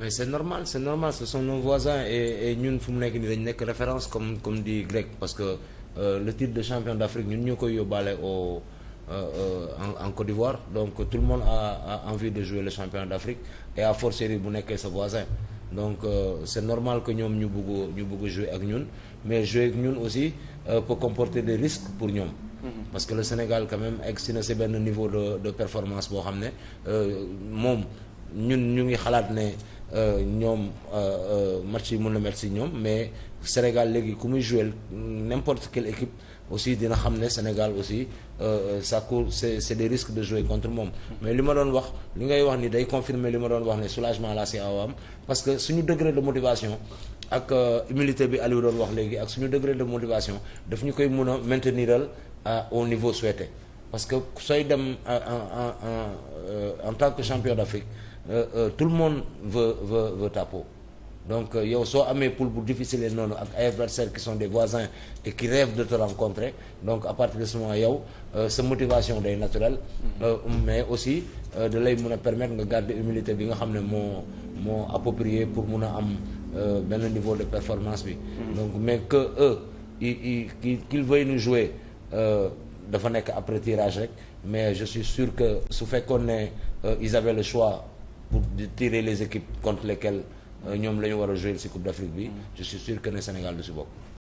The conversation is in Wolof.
mais c'est normal c'est normal ce sont nos voisins et et ñun nii dañ nekk référence comme comme dit Greg parce que euh, le titre de champion d'Afrique ñun ñoo koy yóbbaale au Euh, euh, en, donc tout le monde a, a de jouer le championnat d'Afrique et à bu nekkee sa voisin donc euh, c'est normal que ñoom ñu bëgg ñu bëgg jouer ak ñun mais jouer ak ñun aussi euh, peut comporter des risques pour ñoom mm-hmm. parce que le Sénégal quand même si na si benn niveau de de performance boo xam ne euh, moom ñun ñu ngi xalaat ne Euh, ñoom euh, euh, match yi mën na mel si ñoom mais Sénégal léegi ku muy jouer n'importe quelle équipe aussi dina xam ne Sénégal aussi ça court c'est c'est des risques de jouer contre moom mais li ma doon wax li ngay wax ni day confirmer li ma doon wax ne soulagement la si awam parce que suñu degré de motivation ak humilité bi Aliou doon wax léegi ak suñu degré de motivation daf ñu koy mun a mainteniral au niveau souhaité parce sooy dem en tant que champion d'Afrique euh, euh, tout le monde veut veut veut donc euh, yow soo amee poule bu difficile noonu ak ay adversaires qui sont des voisins et qui rêvent de te rencontrer donc à partir de ce moment sa motivation day naturelle mm-hmm. mais aussi da mun a permettre nga garder humilité bi nga xam ne moo moo approprié pour mun a am benn niveau de performance bi mm-hmm. donc mais que eux i i qu'ils jouer dafa nekk après tirage rek mais je suis sûr que su fekkoon ne Euh, ils avaient le choix pour de tirer les équipes contre lesquelles euh, ñoom la ñu war a jouer ci Coupe d'Afrique bi je suis sûr que ne Sénégal du ci bokk